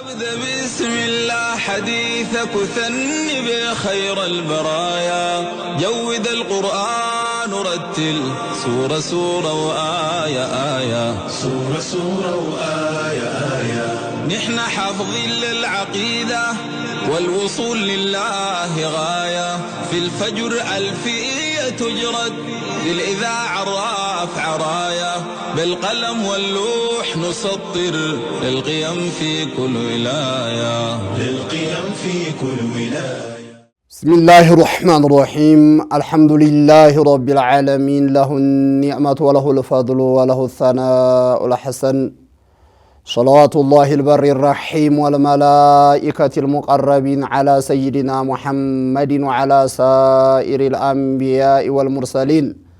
أبدأ بسم الله حديثك وثني بخير البرايا جود القرآن ورتل سورة سورة وآية آية سورة سورة وآية آية نحن حافظين للعقيدة والوصول لله غاية في الفجر ألفية تجرد للإذاعة الراف راية بالقلم واللوح نسطر للقيم في كل ولاية للقيم في كل ولاية بسم الله الرحمن الرحيم الحمد لله رب العالمين له النعمة وله الفضل وله الثناء الحسن صلوات الله البر الرحيم والملائكة المقربين على سيدنا محمد وعلى سائر الأنبياء والمرسلين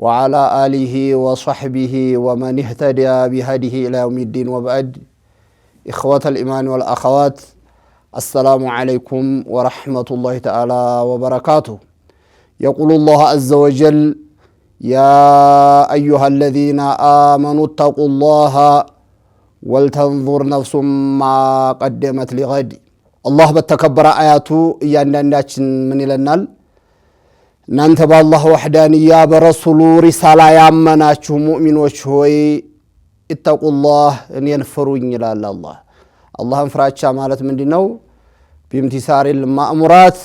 وعلى آله وصحبه ومن اهتدى بهديه إلى يوم الدين وبعد إخوة الإيمان والأخوات السلام عليكم ورحمة الله تعالى وبركاته يقول الله عز وجل يا أيها الذين آمنوا اتقوا الله ولتنظر نفس ما قدمت لغد الله بتكبر آياته يا ناس من لنال እናንተ በአላህ ወሕዳንያ በረሱሉ ሪሳላ ያመናችሁ ሙእሚኖች ሆይ ኢተቁላህ እኔን ፍሩኝ ይላል አላህ። አላህን ፍራቻ ማለት ምንድ ነው? ቢምቲሳሪል ማእሙራት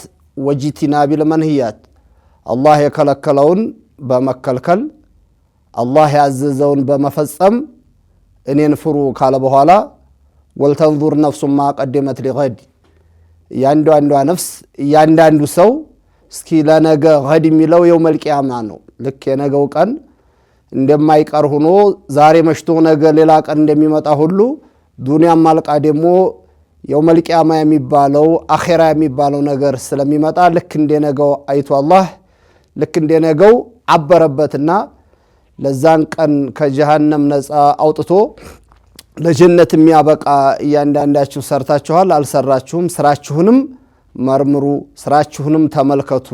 ወጂቲናቢል መንህያት አላህ የከለከለውን በመከልከል አላህ ያዘዘውን በመፈጸም እኔን ፍሩ ካለ በኋላ ወልተንዙር ነፍሱማ ቀደመት ሊቀድ እያንዳንዷ ነፍስ እያንዳንዱ ሰው እስኪ ለነገ ድ የሚለው የውመልቅያማ ነው። ልክ የነገው ቀን እንደማይቀር ሆኖ ዛሬ መሽቶ ነገ ሌላ ቀን እንደሚመጣ ሁሉ ዱንያም አልቃ ደግሞ የውመልቅያማ የሚባለው አኼራ የሚባለው ነገር ስለሚመጣ ልክ እንደነገው አይቶ አላህ ልክ እንደነገው አበረበትና ለዛን ቀን ከጀሃነም ነፃ አውጥቶ ለጀነት የሚያበቃ እያንዳንዳችሁ ሰርታችኋል፣ አልሰራችሁም፣ ስራችሁንም መርምሩ፣ ስራችሁንም ተመልከቱ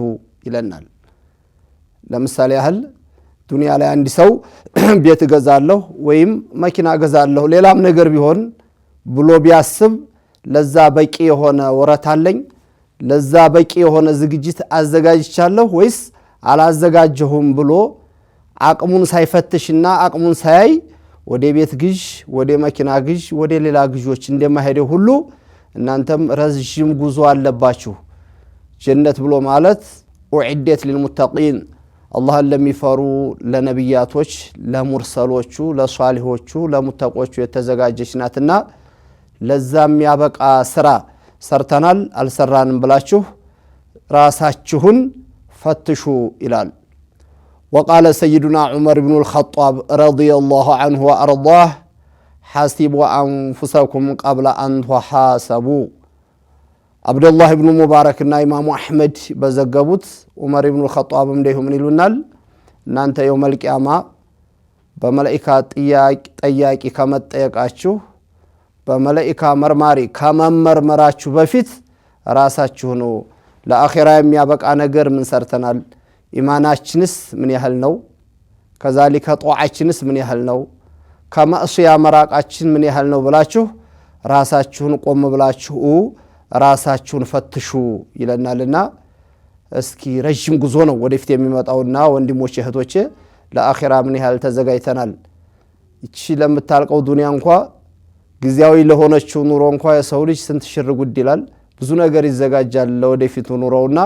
ይለናል። ለምሳሌ ያህል ዱንያ ላይ አንድ ሰው ቤት እገዛለሁ ወይም መኪና እገዛለሁ ሌላም ነገር ቢሆን ብሎ ቢያስብ ለዛ በቂ የሆነ ወረት አለኝ፣ ለዛ በቂ የሆነ ዝግጅት አዘጋጅቻለሁ ወይስ አላዘጋጀሁም ብሎ አቅሙን ሳይፈትሽና አቅሙን ሳያይ ወደ ቤት ግዥ፣ ወደ መኪና ግዥ፣ ወደ ሌላ ግዥዎች እንደማሄደው ሁሉ እናንተም ረዥም ጉዞ አለባችሁ። ጀነት ብሎ ማለት ኡዕደት ሊልሙተቂን አላህን ለሚፈሩ ለነቢያቶች፣ ለሙርሰሎቹ፣ ለሷሊሆቹ፣ ለሙተቆቹ የተዘጋጀች ናትና ለዛ የሚያበቃ ስራ ሰርተናል አልሰራንም ብላችሁ ራሳችሁን ፈትሹ ይላል። ወቃለ ሰይዱና ዑመር ብኑ ልኸጣብ ረዲየላሁ አንሁ ወአርዳህ ሓሲቡ አንፉሰኩም ቀብለ አንቱሓሰቡ አብደላህ ብኑ እና ኢማሙ አሕመድ በዘገቡት ዑመር ብኑ ልኸጣብ እንዲሁ ምን ይሉናል? እናንተ የውመል ቂያማ በመላኢካ ጠያቂ ከመጠየቃችሁ በመላኢካ መርማሪ ከመመርመራችሁ በፊት ራሳችሁ ነው ለአኼራ የሚያበቃ ነገር ምን ሰርተናል፣ ኢማናችንስ ምን ያህል ነው፣ ከዛሊከ ጧዓችንስ ምን ያህል ነው ከማእሱያ መራቃችን ምን ያህል ነው ብላችሁ ራሳችሁን ቆም ብላችሁ ራሳችሁን ፈትሹ ይለናልና እስኪ ረዥም ጉዞ ነው ወደፊት የሚመጣውና ወንድሞች እህቶቼ ለአኼራ ምን ያህል ተዘጋጅተናል? እቺ ለምታልቀው ዱንያ እንኳ ጊዜያዊ ለሆነችው ኑሮ እንኳ የሰው ልጅ ስንት ሽር ጉድ ይላል። ብዙ ነገር ይዘጋጃል ለወደፊቱ ኑሮውና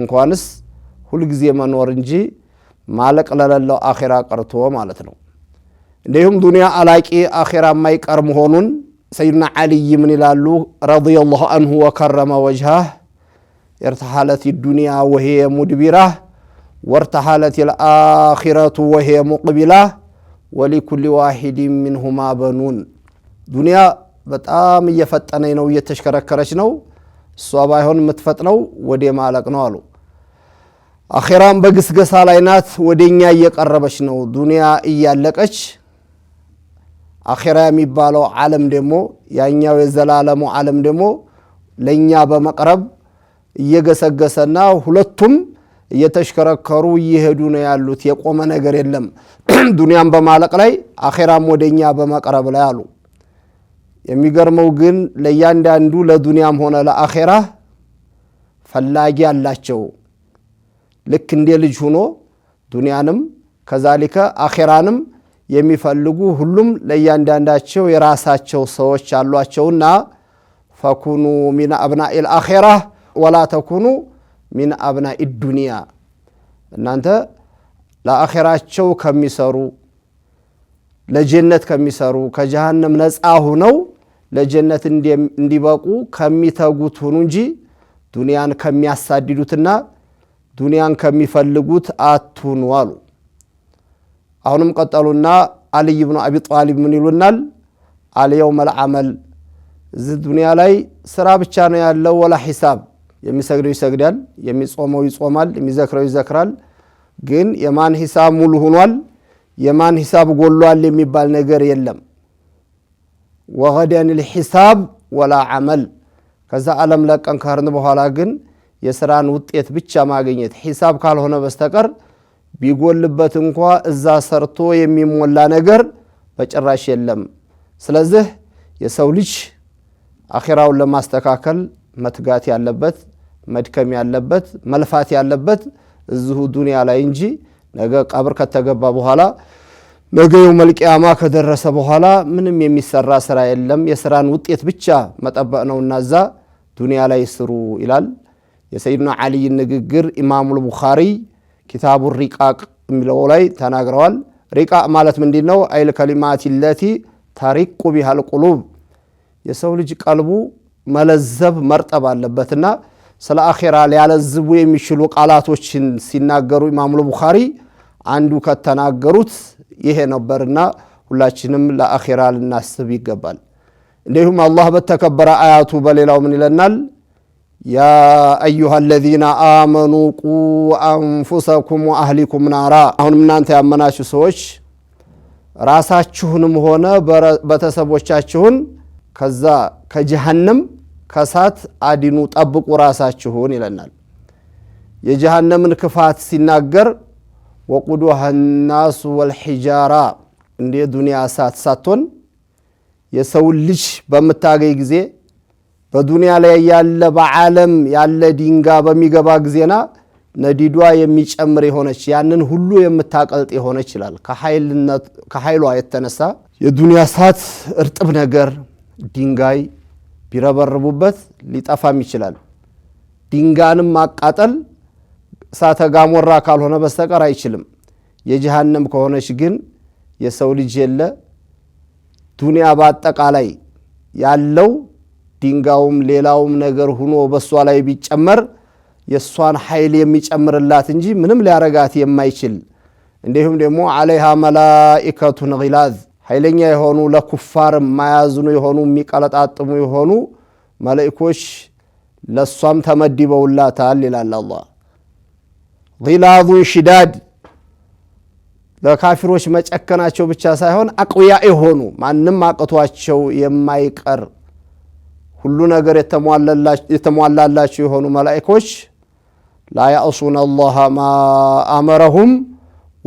እንኳንስ ሁልጊዜ መኖር እንጂ ማለቅ ለለለው አኼራ ቀርቶ ማለት ነው። እንዲሁም ዱንያ አላቂ አኼራ የማይቀር መሆኑን ሰይድና ዓልይ ምን ይላሉ? ረዲየላሁ አንሁ ወከረመ ወጅሃህ ኢርተሓለት ዱንያ ወሄ ሙድቢራ ወርተሓለት ልአኪረቱ ወሄ ሙቅቢላ ወሊኩል ዋሂድ ሚንሁማ በኑን። ዱንያ በጣም እየፈጠነኝ ነው፣ እየተሽከረከረች ነው። እሷ ባይሆን የምትፈጥነው ወደ ማለቅ ነው አሉ። አኼራም በግስገሳ ላይ ናት፣ ወደኛ እየቀረበች ነው። ዱንያ እያለቀች አኼራ የሚባለው ዓለም ደግሞ ያኛው የዘላለሙ ዓለም ደግሞ ለእኛ በመቅረብ እየገሰገሰና ሁለቱም እየተሽከረከሩ እየሄዱ ነው ያሉት። የቆመ ነገር የለም። ዱንያም በማለቅ ላይ አኼራም ወደ እኛ በመቅረብ ላይ አሉ። የሚገርመው ግን ለእያንዳንዱ ለዱንያም ሆነ ለአኼራ ፈላጊ አላቸው። ልክ እንደ ልጅ ሆኖ ዱንያንም ከዛሊከ አኼራንም የሚፈልጉ ሁሉም ለእያንዳንዳቸው የራሳቸው ሰዎች አሏቸውና ፈኩኑ ሚን አብናኢ ልአኼራ ወላ ተኩኑ ሚን አብናኢ ዱንያ እናንተ ለአኼራቸው ከሚሰሩ ለጀነት ከሚሰሩ ከጀሃነም ነፃ ሁነው ለጀነት እንዲበቁ ከሚተጉት ሁኑ እንጂ ዱንያን ከሚያሳድዱትና ዱንያን ከሚፈልጉት አትሁኑ አሉ። አሁንም ቀጠሉና አልይ ብኑ አቢ ጣሊብ ምን ይሉናል? አልየውመል አመል እዚህ ዱንያ ላይ ስራ ብቻ ነው ያለው፣ ወላ ሂሳብ። የሚሰግደው ይሰግዳል፣ የሚጾመው ይጾማል፣ የሚዘክረው ይዘክራል። ግን የማን ሂሳብ ሙሉ ሆኗል፣ የማን ሂሳብ ጎሏል የሚባል ነገር የለም። ወገደን ልሒሳብ ወላ አመል። ከዛ ዓለም ለቀን በኋላ ግን የስራን ውጤት ብቻ ማግኘት ሂሳብ ካልሆነ በስተቀር ቢጎልበት እንኳ እዛ ሰርቶ የሚሞላ ነገር በጭራሽ የለም። ስለዚህ የሰው ልጅ አኼራውን ለማስተካከል መትጋት ያለበት መድከም ያለበት መልፋት ያለበት እዚሁ ዱንያ ላይ እንጂ ነገ ቀብር ከተገባ በኋላ ነገ የው መልቅያማ ከደረሰ በኋላ ምንም የሚሰራ ስራ የለም። የስራን ውጤት ብቻ መጠበቅ ነውና እዛ ዱንያ ላይ ስሩ ይላል። የሰይድና ዓሊይን ንግግር ኢማሙል ቡኻሪ ኪታቡ ሪቃቅ የሚለው ላይ ተናግረዋል። ሪቃቅ ማለት ምንድን ነው? አይል ከሊማት ለቲ ተሪቁ ቢሃል ቁሉብ የሰው ልጅ ቀልቡ መለዘብ መርጠብ አለበትና ስለ አኼራ ሊያለዝቡ የሚችሉ ቃላቶችን ሲናገሩ ኢማሙል ቡኻሪ አንዱ ከተናገሩት ይሄ ነበርና ሁላችንም ለአኼራ ልናስብ ይገባል። እንዲሁም አላህ በተከበረ አያቱ በሌላው ምን ይለናል? ያ አዩሃ ለዚነ አመኑ ቁ አንፉሰኩም ወአህሊኩም ናራ። አሁንም እናንተ ያመናችሁ ሰዎች ራሳችሁንም ሆነ ቤተሰቦቻችሁን ከዛ ከጀሃነም ከሳት አዲኑ ጠብቁ ራሳችሁን ይለናል። የጀሃነምን ክፋት ሲናገር ወቁዱሃ ናሱ ወልሒጃራ እንደ ዱንያ እሳት ሳትሆን የሰውን ልጅ በምታገኝ ጊዜ በዱንያ ላይ ያለ በዓለም ያለ ዲንጋ በሚገባ ጊዜና ነዲዷ የሚጨምር የሆነች ያንን ሁሉ የምታቀልጥ የሆነች ይላል። ከኃይሏ የተነሳ የዱንያ እሳት እርጥብ ነገር ድንጋይ ቢረበርቡበት ሊጠፋም ይችላል። ድንጋንም ማቃጠል እሳተ ጋሞራ ካልሆነ በስተቀር አይችልም። የጀሃነም ከሆነች ግን የሰው ልጅ የለ ዱንያ በአጠቃላይ ያለው ድንጋዩም ሌላውም ነገር ሁኖ በእሷ ላይ ቢጨመር የእሷን ኃይል የሚጨምርላት እንጂ ምንም ሊያረጋት የማይችል እንዲሁም ደግሞ አለይሃ መላኢከቱን ጊላዝ ኃይለኛ የሆኑ ለኩፋር ማያዝኑ የሆኑ የሚቀለጣጥሙ የሆኑ መላኢኮች ለእሷም ተመድበውላታል ይላል አላ ጊላዙን ሽዳድ ለካፊሮች መጨከናቸው ብቻ ሳይሆን አቅውያ የሆኑ ማንም አቅቷቸው የማይቀር ሁሉ ነገር የተሟላላቸው የሆኑ መላኢኮች ላ ያእሱነ አላህ ማ አመረሁም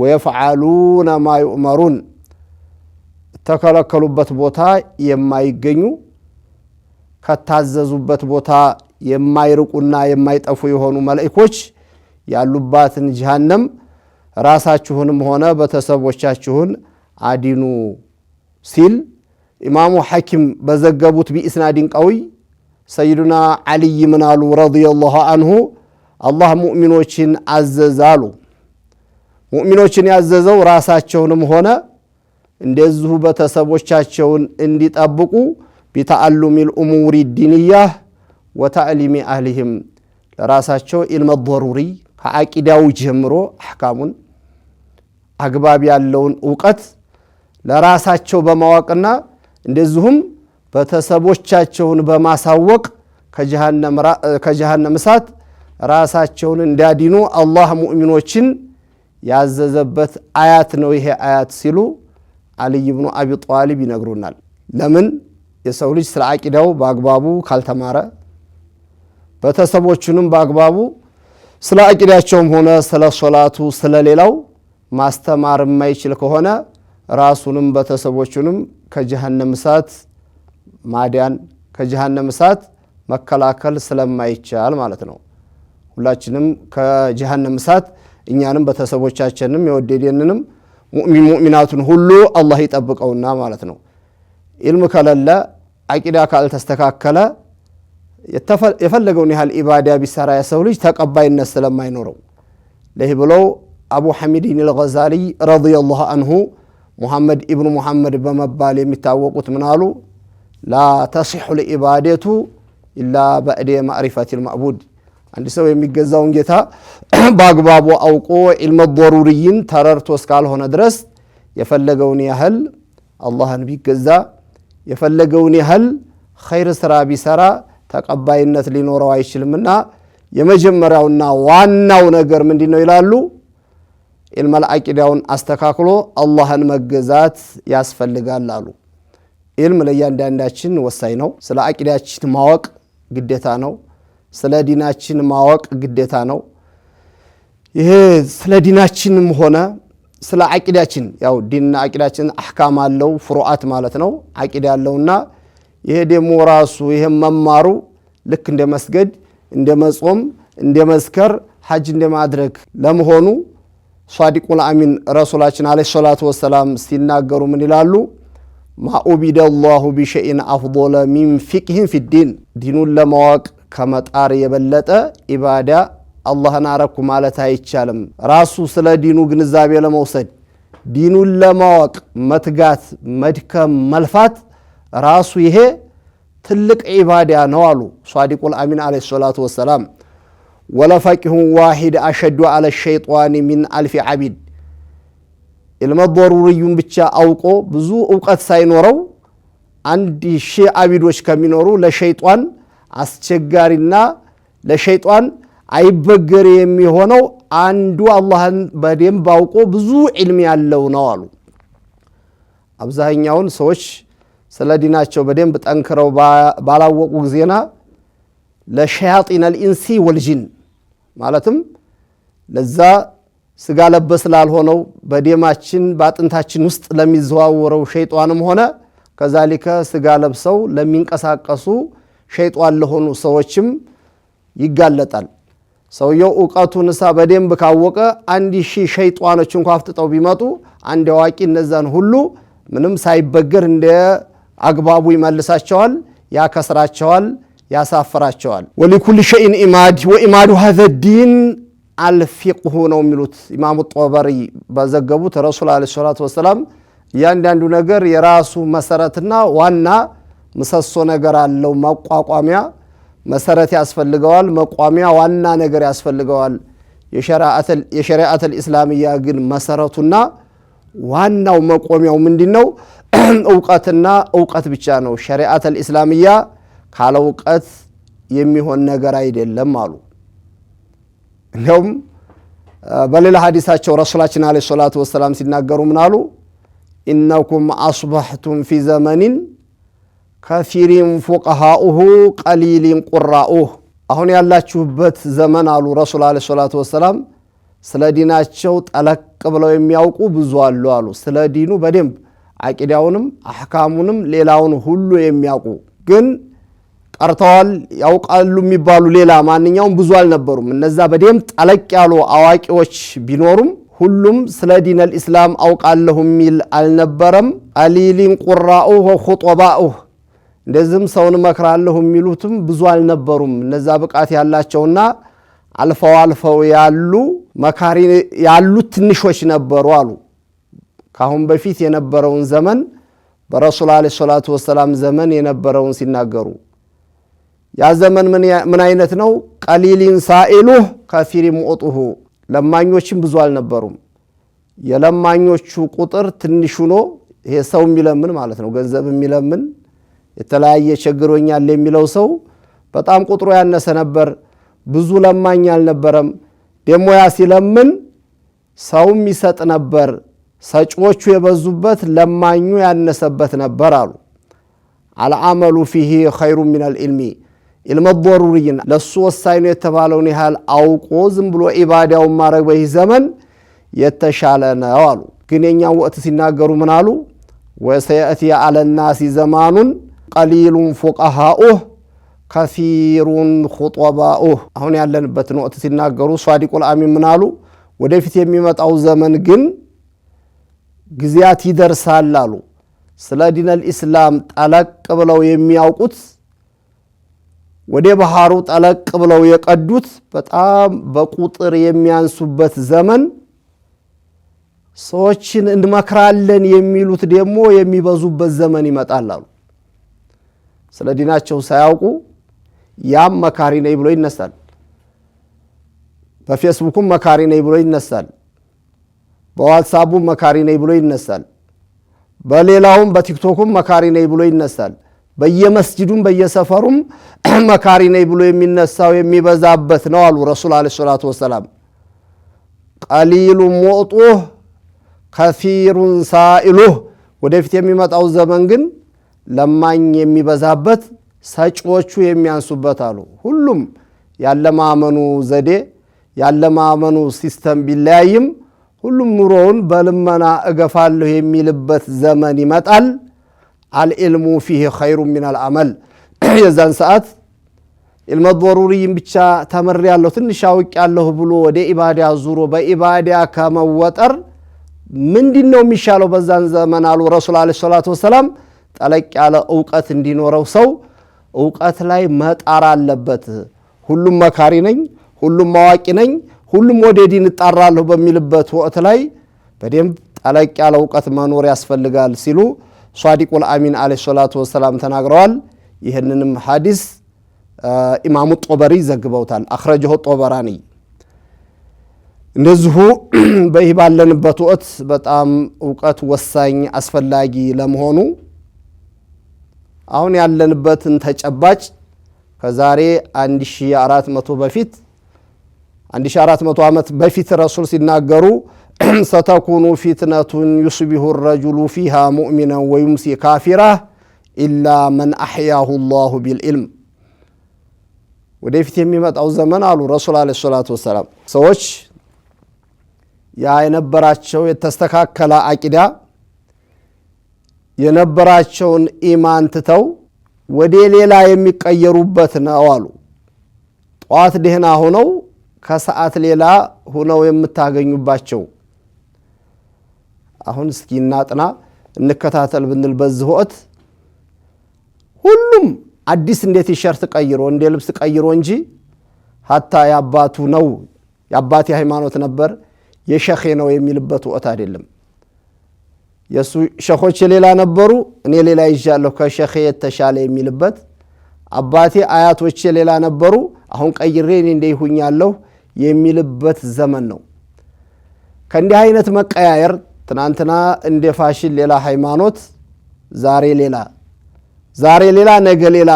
ወየፍዓሉነ ማ ዩእመሩን ተከለከሉበት ቦታ የማይገኙ ከታዘዙበት ቦታ የማይርቁና የማይጠፉ የሆኑ መላኢኮች ያሉባትን ጀሃነም ራሳችሁንም ሆነ ቤተሰቦቻችሁን አዲኑ ሲል ኢማሙ ሐኪም በዘገቡት ቢኢስናዲን ቀውይ ሰይዱና ዓልይ ምን አሉ ረዲየላሁ አንሁ አላህ ሙእሚኖችን አዘዛሉ። ሙእሚኖችን ያዘዘው ራሳቸውንም ሆነ እንደዚሁ ቤተሰቦቻቸውን እንዲጠብቁ ቢተአሉሚ ልእሙሪ ዲንያህ ወታዕሊሚ አህሊህም ለራሳቸው ኢልመ ضሩሪ ከአቂዳው ጀምሮ አሕካሙን አግባብ ያለውን እውቀት ለራሳቸው በማወቅና እንደዚሁም ቤተሰቦቻቸውን በማሳወቅ ከጀሃነም እሳት ራሳቸውን እንዲያዲኑ አላህ ሙእሚኖችን ያዘዘበት አያት ነው ይሄ አያት ሲሉ አልይ ብኑ አቢ ጣሊብ ይነግሩናል። ለምን የሰው ልጅ ስለ አቂዳው በአግባቡ ካልተማረ ቤተሰቦቹንም በአግባቡ ስለ አቂዳቸውም ሆነ ስለ ሶላቱ ስለሌላው ማስተማር የማይችል ከሆነ ራሱንም ቤተሰቦቹንም ከጀሃነም እሳት ማዳን ከጀሃነም እሳት መከላከል ስለማይቻል ማለት ነው። ሁላችንም ከጀሃነም እሳት እኛንም ቤተሰቦቻችንንም የወደደንንም ሙእሚናቱን ሁሉ አላህ ይጠብቀውና ማለት ነው። ኢልም ከለለ አቂዳ ካልተስተካከለ የፈለገውን ያህል ኢባዳ ቢሰራ የሰው ልጅ ተቀባይነት ስለማይኖረው ለህ ብለው አቡ ሐሚድን አልገዛሊ ረዲየላሁ አንሁ ሙሐመድ ኢብኑ ሙሐመድ በመባል የሚታወቁት ምናሉ ላ ተሲሑ ልዒባደቱ ኢላ በዕዴ ማዕሪፈት ልማዕቡድ አንድ ሰው የሚገዛውን ጌታ በአግባቡ አውቆ ዒልመ ዶሩርይን ተረርቶ እስካልሆነ ድረስ የፈለገውን ያህል አላህን ቢገዛ የፈለገውን ያህል ኸይር ስራ ቢሰራ ተቀባይነት ሊኖረው አይችልምና የመጀመሪያውና ዋናው ነገር ምንድን ነው ይላሉ ኢልመል አቂዳውን አስተካክሎ አላህን መገዛት ያስፈልጋል አሉ። ኢልም ለእያንዳንዳችን ወሳኝ ነው። ስለ አቂዳችን ማወቅ ግዴታ ነው። ስለ ዲናችን ማወቅ ግዴታ ነው። ይሄ ስለ ዲናችንም ሆነ ስለ አቂዳችን ያው ዲንና አቂዳችን አሕካም አለው ፍሩአት ማለት ነው። አቂዳ አለውና ይሄ ደግሞ ራሱ ይሄ መማሩ ልክ እንደ መስገድ፣ እንደ መጾም፣ እንደ መዝከር፣ ሐጅ እንደ ማድረግ ለመሆኑ ሷዲቁል አሚን ረሱላችን አለ ሰላቱ ወሰላም ሲናገሩ ምን ይላሉ? ማኡቢደ ላሁ ቢሸይን አፍዶለ ሚን ፊቅህን ፊዲን ዲኑን ለማወቅ ከመጣር የበለጠ ኢባዳ አላህን አረኩ ማለት አይቻልም። ራሱ ስለ ዲኑ ግንዛቤ ለመውሰድ ዲኑን ለማወቅ መትጋት፣ መድከም፣ መልፋት ራሱ ይሄ ትልቅ ኢባዳ ነው አሉ ሷዲቁል አሚን አለ ሰላቱ ወሰላም። ወለፈቂሁን ዋሂድ አሸዱ አለ ሸይጣን ሚን አልፊ ዓቢድ ኢልመ ዶሩርዩን ብቻ አውቆ ብዙ እውቀት ሳይኖረው አንድ ሺህ አቢዶች ከሚኖሩ ለሸይጣን አስቸጋሪና ለሸይጧን አይበገሬ የሚሆነው አንዱ አላህን በደንብ አውቆ ብዙ ዒልም ያለው ነው አሉ። አብዛኛውን ሰዎች ስለ ዲናቸው በደንብ ጠንክረው ባላወቁ ጊዜና ለሸያጢን አልኢንሲ ወልጂን ማለትም ለዛ ስጋ ለበስ ላልሆነው በደማችን በአጥንታችን ውስጥ ለሚዘዋወረው ሸይጧንም ሆነ ከዛሊከ ስጋ ለብሰው ለሚንቀሳቀሱ ሸይጧን ለሆኑ ሰዎችም ይጋለጣል። ሰውየው እውቀቱ ንሳ በደንብ ካወቀ አንድ ሺህ ሸይጧኖች እንኳ አፍጥጠው ቢመጡ አንድ አዋቂ እነዛን ሁሉ ምንም ሳይበገር እንደ አግባቡ ይመልሳቸዋል፣ ያከስራቸዋል ያሳፍራቸዋል። ወሊኩል ሸይን ኢማድ ወኢማዱ ሀዘ ዲን አልፊቅሁ ነው የሚሉት ኢማሙ ጦበሪ በዘገቡት ረሱል ለ ሰላት ወሰላም እያንዳንዱ ነገር የራሱ መሰረትና ዋና ምሰሶ ነገር አለው። መቋቋሚያ መሰረት ያስፈልገዋል። መቋሚያ ዋና ነገር ያስፈልገዋል። የሸሪአት ልእስላምያ ግን መሰረቱና ዋናው መቆሚያው ምንድን ነው? እውቀትና እውቀት ብቻ ነው። ሸሪአት ልእስላምያ ካለ እውቀት የሚሆን ነገር አይደለም አሉ። እንዲያውም በሌላ ሀዲሳቸው ረሱላችን አለ ሰላቱ ወሰላም ሲናገሩ ምን አሉ? ኢነኩም አስበሕቱም ፊ ዘመኒን ከሲሪን ፉቀሃኡሁ ቀሊሊን ቁራኡህ። አሁን ያላችሁበት ዘመን አሉ ረሱል አለ ሰላቱ ወሰላም ስለ ዲናቸው ጠለቅ ብለው የሚያውቁ ብዙ አሉ አሉ። ስለ ዲኑ በደንብ አቂዳውንም አሕካሙንም ሌላውን ሁሉ የሚያውቁ ግን ቀርተዋል ያውቃሉ የሚባሉ ሌላ ማንኛውም ብዙ አልነበሩም። እነዛ በደም ጠለቅ ያሉ አዋቂዎች ቢኖሩም ሁሉም ስለ ዲን ኢስላም አውቃለሁ የሚል አልነበረም። ቀሊሊን ቁራኡ ወኹጦባኡ እንደዚህም ሰውን መክራለሁ የሚሉትም ብዙ አልነበሩም። እነዛ ብቃት ያላቸውና አልፈው አልፈው ያሉ መካሪ ያሉ ትንሾች ነበሩ አሉ። ካሁን በፊት የነበረውን ዘመን በረሱል አለ ሰላቱ ወሰላም ዘመን የነበረውን ሲናገሩ ያ ዘመን ምን አይነት ነው? ቀሊሊን ሳኢሉህ ከፊሪም ኦጡሁ ለማኞችም ብዙ አልነበሩም። የለማኞቹ ቁጥር ትንሽ ሆኖ ይሄ ሰው የሚለምን ማለት ነው፣ ገንዘብ የሚለምን የተለያየ ቸግሮኛል የሚለው ሰው በጣም ቁጥሩ ያነሰ ነበር። ብዙ ለማኝ አልነበረም። ደሞ ያ ሲለምን ሰውም ይሰጥ ነበር። ሰጪዎቹ የበዙበት ለማኙ ያነሰበት ነበር አሉ። አልአመሉ ፊሂ ኸይሩ ሚነል ኢልሚ ኢልመዶሩርይና ለእሱ ወሳኝ ነው የተባለውን ያህል አውቆ ዝም ብሎ ኢባዳውን ማድረግ በዚህ ዘመን የተሻለ ነው አሉ። ግን የእኛን ወቅት ሲናገሩ ምን አሉ? ወሰየእትየ አለናሲ ዘማኑን ቀሊሉን ፉቀሃኡህ ከሲሩን ኹጦባኡህ። አሁን ያለንበትን ወቅት ሲናገሩ ሷዲቁል አሚን ምን አሉ? ወደፊት የሚመጣው ዘመን ግን ጊዜያት ይደርሳል አሉ። ስለ ዲነል ኢስላም ጠለቅ ብለው የሚያውቁት ወደ ባህሩ ጠለቅ ብለው የቀዱት በጣም በቁጥር የሚያንሱበት ዘመን ሰዎችን እንመክራለን የሚሉት ደግሞ የሚበዙበት ዘመን ይመጣል አሉ። ስለ ዲናቸው ሳያውቁ ያም መካሪ ነኝ ብሎ ይነሳል። በፌስቡኩም መካሪ ነኝ ብሎ ይነሳል። በዋትሳቡም መካሪ ነኝ ብሎ ይነሳል። በሌላውም በቲክቶኩም መካሪ ነኝ ብሎ ይነሳል። በየመስጅዱም በየሰፈሩም መካሪ ነኝ ብሎ የሚነሳው የሚበዛበት ነው አሉ ረሱል አለ ሰላቱ ወሰላም። ቀሊሉን ሞጡህ ከፊሩን ሳኢሉህ። ወደፊት የሚመጣው ዘመን ግን ለማኝ የሚበዛበት ሰጪዎቹ የሚያንሱበት አሉ። ሁሉም ያለማመኑ ዘዴ ያለማመኑ ሲስተም ቢለያይም ሁሉም ኑሮውን በልመና እገፋለሁ የሚልበት ዘመን ይመጣል። አልዕልሙ ፊህ ኸይሩ ሚናል አመል የዛን ሰዓት ኢልመ ዶሩሪይም ብቻ ተምር ያለሁ ትንሽ አውቅ ያለሁ ብሎ ወደ ኢባዳ ዙሮ በኢባዳ ከመወጠር ምንድን ነው የሚሻለው? በዛን ዘመን አሉ ረሱል አለ ሰላቱ ወሰላም ጠለቅ ያለ እውቀት እንዲኖረው ሰው እውቀት ላይ መጣር አለበት። ሁሉም መካሪ ነኝ፣ ሁሉም አዋቂ ነኝ፣ ሁሉም ወደ ዲን እጣራለሁ በሚልበት ወቅት ላይ በደንብ ጠለቅ ያለ እውቀት መኖር ያስፈልጋል ሲሉ ሷዲቁል አሚን አለ ሰላቱ ወሰላም ተናግረዋል። ይህንንም ሐዲስ ኢማሙ ጦበሪ ዘግበውታል። አኽረጀሆ ጦበራኒ። እንደዚሁ በይህ ባለንበት ወቅት በጣም እውቀት ወሳኝ አስፈላጊ ለመሆኑ አሁን ያለንበትን ተጨባጭ ከዛሬ 1400 በፊት 1400 ዓመት በፊት ረሱል ሲናገሩ ሰተኩኑ ፊትነቱን ዩስቢሁ ረጁሉ ፊሃ ሙእሚናን ወዩምሲ ካፊራ ኢላ መን አሕያሁ ላሁ ቢልዕልም። ወደፊት የሚመጣው ዘመን አሉ ረሱል ዓለይሂ ሰላቱ ወሰላም ሰዎች ያ የነበራቸው የተስተካከለ አቂዳ የነበራቸውን ኢማን ትተው ወደ ሌላ የሚቀየሩበት ነው አሉ። ጠዋት ደህና ሆነው ከሰዓት ሌላ ሆነው የምታገኙባቸው አሁን እስኪ እናጥና እንከታተል ብንል በዚህ ወቅት ሁሉም አዲስ እንደ ቲሸርት ቀይሮ እንደ ልብስ ቀይሮ እንጂ ሀታ የአባቱ ነው የአባቴ ሃይማኖት ነበር የሸኼ ነው የሚልበት ወቅት አይደለም። የእሱ ሸኾች የሌላ ነበሩ፣ እኔ ሌላ ይዣለሁ ከሸኼ የተሻለ የሚልበት አባቴ አያቶቼ ሌላ ነበሩ፣ አሁን ቀይሬ እኔ እንደ ይሁኛለሁ የሚልበት ዘመን ነው። ከእንዲህ አይነት መቀያየር ትናንትና እንደ ፋሽን ሌላ ሃይማኖት፣ ዛሬ ሌላ ዛሬ ሌላ ነገ ሌላ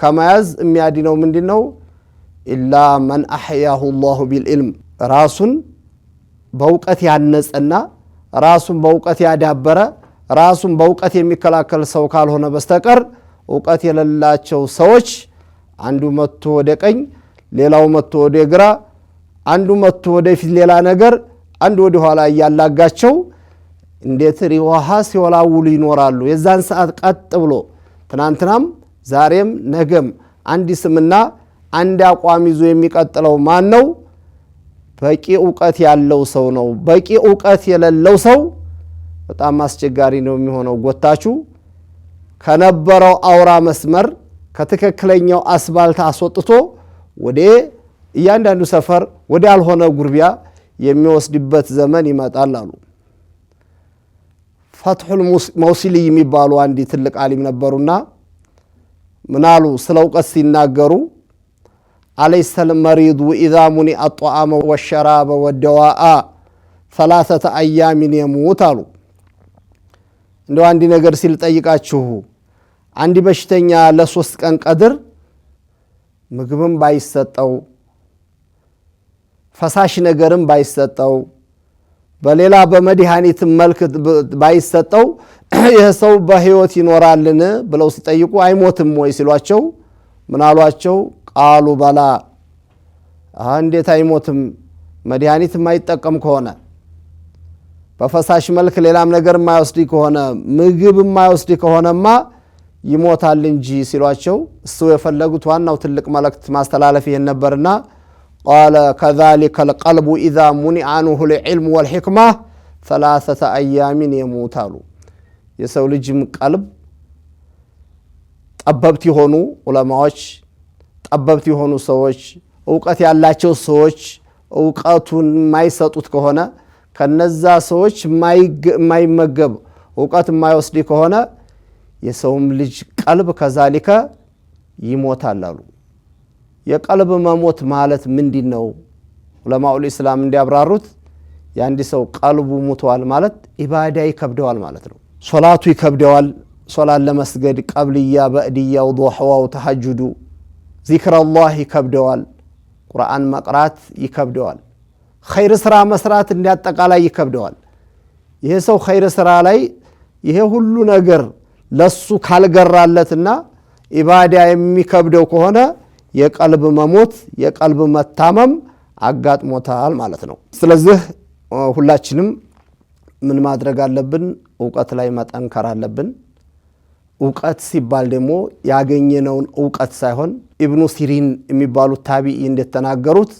ከመያዝ የሚያድነው ምንድ ነው? ኢላ መን አሕያሁ ላሁ ቢልዕልም ራሱን በእውቀት ያነጸና ራሱን በእውቀት ያዳበረ ራሱን በእውቀት የሚከላከል ሰው ካልሆነ በስተቀር እውቀት የሌላቸው ሰዎች አንዱ መጥቶ ወደ ቀኝ፣ ሌላው መጥቶ ወደ ግራ፣ አንዱ መጥቶ ወደፊት ሌላ ነገር አንድ ወደ ኋላ እያላጋቸው እንዴት ሪዋሃ ሲወላውሉ ይኖራሉ። የዛን ሰዓት ቀጥ ብሎ ትናንትናም ዛሬም ነገም አንድ ስምና አንድ አቋም ይዞ የሚቀጥለው ማን ነው? በቂ እውቀት ያለው ሰው ነው። በቂ እውቀት የሌለው ሰው በጣም አስቸጋሪ ነው የሚሆነው። ጎታቹ ከነበረው አውራ መስመር ከትክክለኛው አስባልት አስወጥቶ ወደ እያንዳንዱ ሰፈር ወደ ያልሆነ ጉርቢያ የሚወስድበት ዘመን ይመጣል አሉ። ፈትሑል መውሲሊ የሚባሉ አንድ ትልቅ አሊም ነበሩና ምናሉ ስለ እውቀት ሲናገሩ አለይሰል ልመሪዱ ኢዛ ሙኒ አጧአመ ወሸራበ ወደዋአ ሰላሰተ አያሚን የሙት አሉ። እንደው አንድ ነገር ሲል ጠይቃችሁ አንድ በሽተኛ ለሶስት ቀን ቀድር ምግብም ባይሰጠው ፈሳሽ ነገርም ባይሰጠው በሌላ በመድኃኒትም መልክ ባይሰጠው ይህ ሰው በሕይወት ይኖራልን ብለው ሲጠይቁ አይሞትም ወይ ሲሏቸው ምናሏቸው ቃሉ በላ። እንዴት አይሞትም? መድኃኒት የማይጠቀም ከሆነ በፈሳሽ መልክ ሌላም ነገር የማይወስድ ከሆነ ምግብ የማይወስድ ከሆነማ ይሞታል እንጂ ሲሏቸው እሱ የፈለጉት ዋናው ትልቅ መልእክት ማስተላለፍ ይህን ነበርና ቃለ ከዛሊከ ልቀልቡ ኢዛ ሙኒ አንሁ ልዕልሙ ወልሕክማ ሰላሰተ አያሚን የሙት አሉ። የሰው ልጅም ቀልብ ጠበብት የሆኑ ዑለማዎች፣ ጠበብት የሆኑ ሰዎች፣ እውቀት ያላቸው ሰዎች እውቀቱን የማይሰጡት ከሆነ ከነዛ ሰዎች የማይመገብ እውቀት የማይወስድ ከሆነ የሰውም ልጅ ቀልብ ከዛሊከ ይሞታል አሉ። የቀልብ መሞት ማለት ምንድን ነው? ዑለማኡል ኢስላም እንዲያብራሩት የአንድ ሰው ቀልቡ ሙተዋል ማለት ኢባዳ ይከብደዋል ማለት ነው። ሶላቱ ይከብደዋል። ሶላት ለመስገድ ቀብልያ፣ በእድያው፣ ዶሕዋው፣ ተሐጁዱ፣ ዚክረላህ ይከብደዋል። ቁርአን መቅራት ይከብደዋል። ኸይር ስራ መስራት እንዲያጠቃላይ ይከብደዋል። ይሄ ሰው ኸይር ስራ ላይ ይሄ ሁሉ ነገር ለሱ ካልገራለትና ኢባዳ የሚከብደው ከሆነ የቀልብ መሞት የቀልብ መታመም አጋጥሞታል ማለት ነው። ስለዚህ ሁላችንም ምን ማድረግ አለብን? እውቀት ላይ መጠንከር አለብን። እውቀት ሲባል ደግሞ ያገኘነውን እውቀት ሳይሆን ኢብኑ ሲሪን የሚባሉት ታቢ እንደተናገሩት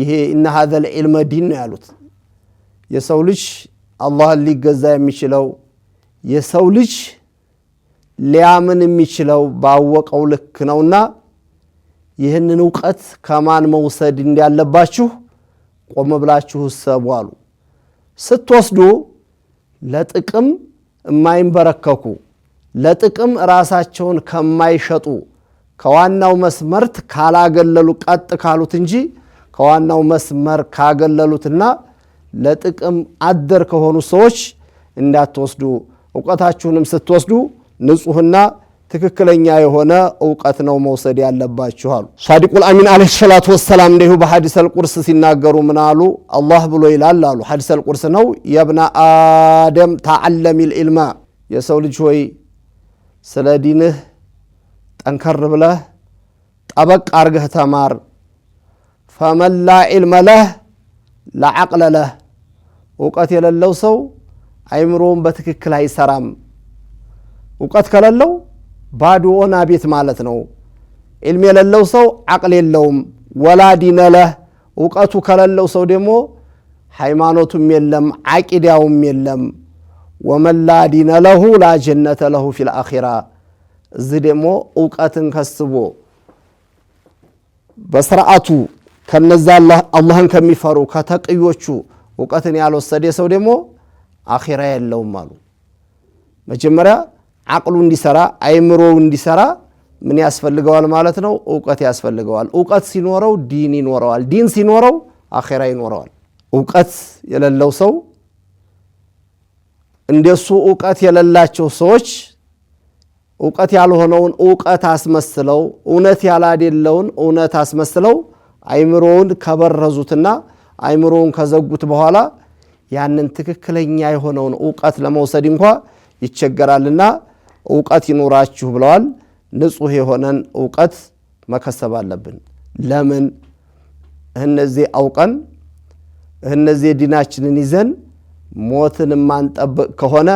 ይሄ እነ ሀዘል ዒልመ ዲን ነው ያሉት። የሰው ልጅ አላህን ሊገዛ የሚችለው የሰው ልጅ ሊያምን የሚችለው ባወቀው ልክ ነውና ይህንን እውቀት ከማን መውሰድ እንዳለባችሁ ቆም ብላችሁ እሰቡ አሉ። ስትወስዱ ለጥቅም የማይንበረከኩ ለጥቅም ራሳቸውን ከማይሸጡ ከዋናው መስመርት ካላገለሉ ቀጥ ካሉት እንጂ ከዋናው መስመር ካገለሉትና ለጥቅም አደር ከሆኑ ሰዎች እንዳትወስዱ እውቀታችሁንም ስትወስዱ ንጹህና ትክክለኛ የሆነ እውቀት ነው መውሰድ ያለባችሁ አሉ። ሷዲቁል አሚን አለይሂ ሰላቱ ወሰላም እንዲሁ በሐዲሰል ቁርስ ሲናገሩ ምን አሉ? አላህ ብሎ ይላል አሉ። ሐዲሰል ቁርስ ነው የብነ አደም ተዓለሚል ኢልማ፣ የሰው ልጅ ሆይ ስለ ዲንህ ጠንከር ብለህ ጠበቅ አርገህ ተማር። ፈመን ላ ዒልመ ለህ ላዓቅለ ለህ፣ እውቀት የሌለው ሰው አይምሮውን በትክክል አይሰራም። እውቀት ከሌለው ባድኦና ቤት ማለት ነው። ዕልም የሌለው ሰው አቅል የለውም። ወላ ለህ እውቀቱ ከሌለው ሰው ደግሞ ሃይማኖቱም የለም ዓቂዳውም የለም። ወመላዲነ ለሁ ላ ጀነተ ለሁ ፊል አኺራ። እዚህ ደግሞ እውቀትን ከስቦ በስርዓቱ ከነዛ አላህን ከሚፈሩ ከተቅዮቹ እውቀትን ያልወሰደ ሰው ደግሞ አኺራ የለውም አሉ መጀመሪያ አቅሉ እንዲሰራ አይምሮ እንዲሰራ ምን ያስፈልገዋል ማለት ነው? እውቀት ያስፈልገዋል። እውቀት ሲኖረው ዲን ይኖረዋል። ዲን ሲኖረው አኼራ ይኖረዋል። እውቀት የሌለው ሰው እንደሱ እውቀት የሌላቸው ሰዎች እውቀት ያልሆነውን እውቀት አስመስለው እውነት ያላደለውን እውነት አስመስለው አይምሮውን ከበረዙትና አይምሮውን ከዘጉት በኋላ ያንን ትክክለኛ የሆነውን እውቀት ለመውሰድ እንኳ ይቸገራልና እውቀት ይኑራችሁ ብለዋል። ንጹህ የሆነን እውቀት መከሰብ አለብን። ለምን እህነዚህ አውቀን እህነዚህ ዲናችንን ይዘን ሞትን የማንጠብቅ ከሆነ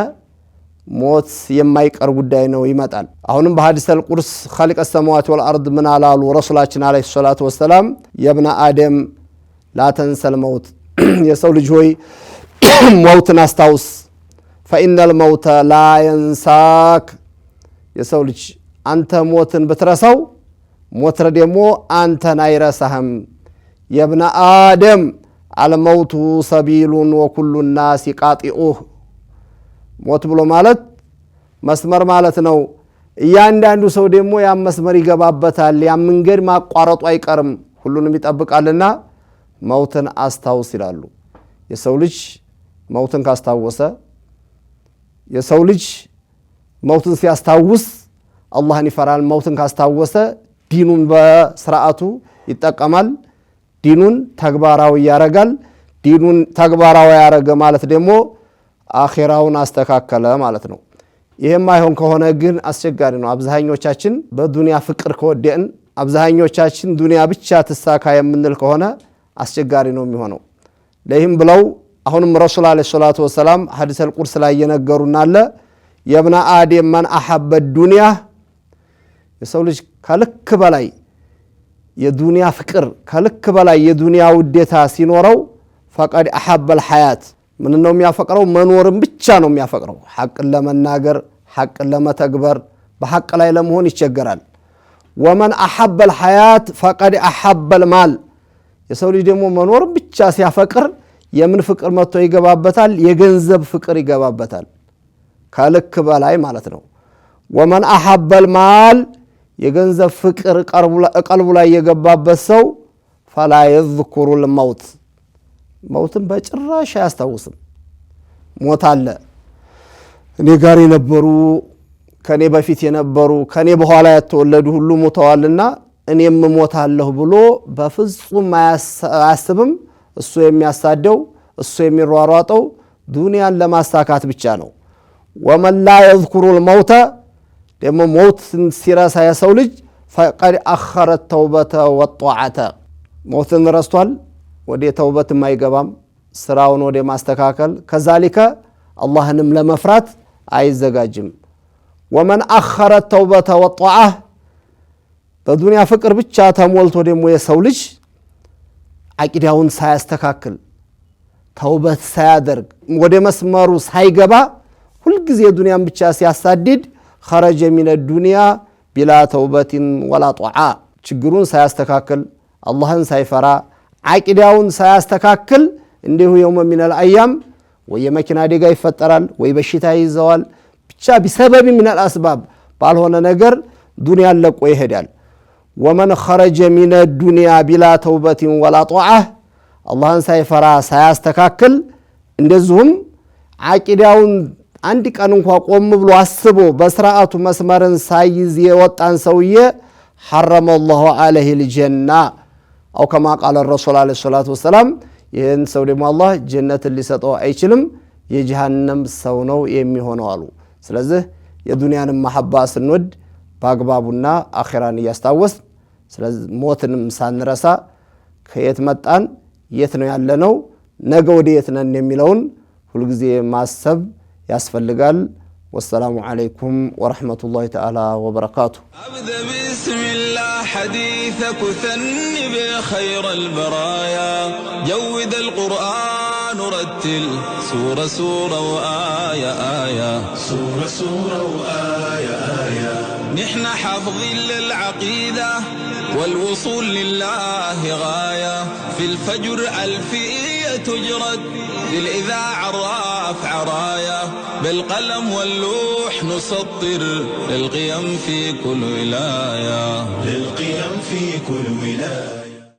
ሞት የማይቀር ጉዳይ ነው፣ ይመጣል። አሁንም በሐዲሰል ቁርስ ኸሊቀ ሰማዋት ወልአርድ ምን አላሉ ረሱላችን አለ ሰላቱ ወሰላም የብነ አደም ላተንሰል መውት፣ የሰው ልጅ ሆይ መውትን አስታውስ፣ ፈኢነል መውተ ላ የንሳክ የሰው ልጅ አንተ ሞትን ብትረሳው ሞትረ ደግሞ አንተን አይረሳህም። የብነ አደም አልመውቱ ሰቢሉን ወኩሉ ናስ ይቃጢኡህ። ሞት ብሎ ማለት መስመር ማለት ነው። እያንዳንዱ ሰው ደግሞ ያም መስመር ይገባበታል። ያም መንገድ ማቋረጡ አይቀርም፣ ሁሉንም ይጠብቃልና መውትን አስታውስ ይላሉ። የሰው ልጅ መውትን ካስታወሰ የሰው ልጅ መውትን ሲያስታውስ አላህን ይፈራል። መውትን ካስታወሰ ዲኑን በስርዓቱ ይጠቀማል። ዲኑን ተግባራዊ ያረጋል። ዲኑን ተግባራዊ ያረገ ማለት ደግሞ አኼራውን አስተካከለ ማለት ነው። ይህም አይሆን ከሆነ ግን አስቸጋሪ ነው። አብዛኞቻችን በዱንያ ፍቅር ከወደን አብዛኞቻችን ዱንያ ብቻ ትሳካ የምንል ከሆነ አስቸጋሪ ነው የሚሆነው። ለይህም ብለው አሁንም ረሱል አለ ሰላቱ ወሰላም ሀዲሰል ቁርስ ላይ እየነገሩናለ የብነ አዴም መን አሐበ ዱንያ የሰው ልጅ ከልክ በላይ የዱንያ ፍቅር ከልክ በላይ የዱንያ ውዴታ ሲኖረው ፈቀድ አሐበል ሐያት ምን ነው የሚያፈቅረው? መኖርን ብቻ ነው የሚያፈቅረው። ሐቅን ለመናገር ሐቅን ለመተግበር በሐቅ ላይ ለመሆን ይቸገራል። ወመን አሐበል ሐያት ፈቀድ አሐበል ማል የሰው ልጅ ደግሞ መኖርን ብቻ ሲያፈቅር የምን ፍቅር መጥቶ ይገባበታል? የገንዘብ ፍቅር ይገባበታል። ከልክ በላይ ማለት ነው። ወመን አሐበል ማል የገንዘብ ፍቅር ቀልቡ ላይ የገባበት ሰው ፈላ የዝኩሩ ልመውት መውትን በጭራሽ አያስታውስም። ሞት አለ እኔ ጋር የነበሩ ከኔ በፊት የነበሩ ከኔ በኋላ የተወለዱ ሁሉ ሞተዋልና እኔም ሞታለሁ ብሎ በፍጹም አያስብም። እሱ የሚያሳደው እሱ የሚሯሯጠው ዱንያን ለማሳካት ብቻ ነው። ወመላ የዝኩሩ መውተ ደግሞ ሞት ሲረሳ የሰው ልጅ ፈቀድ አኸረ ተውበተ ወጧዓተ ሞትን ረስቷል። ወደ ተውበትም አይገባም። ስራውን ወደ ማስተካከል ከዛሊከ አላህንም ለመፍራት አይዘጋጅም። ወመን አኸረ ተውበተ ወጧዓህ በዱንያ ፍቅር ብቻ ተሞልቶ ደግሞ የሰው ልጅ አቂዳውን ሳያስተካክል ተውበት ሳያደርግ ወደ መስመሩ ሳይገባ ሁልጊዜ ዱንያን ብቻ ሲያሳድድ ኸረጀ ሚነ ዱንያ ቢላ ተውበቲን ወላ ጧዓ ችግሩን ሳያስተካክል አላህን ሳይፈራ አቂዳውን ሳያስተካክል እንዲሁ የውመ ሚነል አያም ወይ የመኪና አደጋ ይፈጠራል፣ ወይ በሽታ ይይዘዋል። ብቻ ቢሰበብ ሚነል አስባብ ባልሆነ ነገር ዱንያን ለቆ ይሄዳል። ወመን ኸረጀ ሚነ ዱንያ ቢላ ተውበቲን ወላ ጧዓ አላህን ሳይፈራ ሳያስተካክል እንደዚሁም አቂዳውን አንድ ቀን እንኳ ቆም ብሎ አስቦ በስርዓቱ መስመርን ሳይዝ የወጣን ሰውዬ ሐረመ ላሁ አለይህ ልጀና አው ከማ ቃለ ረሱል አለ ሰላት ወሰላም ይህን ሰው ደግሞ አላህ ጀነትን ሊሰጠው አይችልም፣ የጀሃነም ሰው ነው የሚሆነው አሉ። ስለዚህ የዱንያንም መሐባ ስንወድ በአግባቡና አኼራን እያስታወስ ሞትንም ሳንረሳ ከየት መጣን፣ የት ነው ያለነው፣ ነገ ወደ የት ነን የሚለውን ሁልጊዜ ማሰብ ያስፈልጋል። ወሰላሙ ዓለይኩም ወረሕመቱ ላሂ ተዓላ ወበረካቱ። አብደ ብስሚላህ ሐዲተክ ተንብ ኸይረ ልበራያ ጀውደ ልቁርአን ረትል ሱረ ሱረ ወአያ አያ ሱረ ሱረ ወአያ አያ نحن حافظين للعقيدة والوصول لله غاية في الفجر ألفية تجرد للإذاعة الرافعة راية بالقلم واللوح نسطر للقيم في كل ولاية للقيم في كل ولاية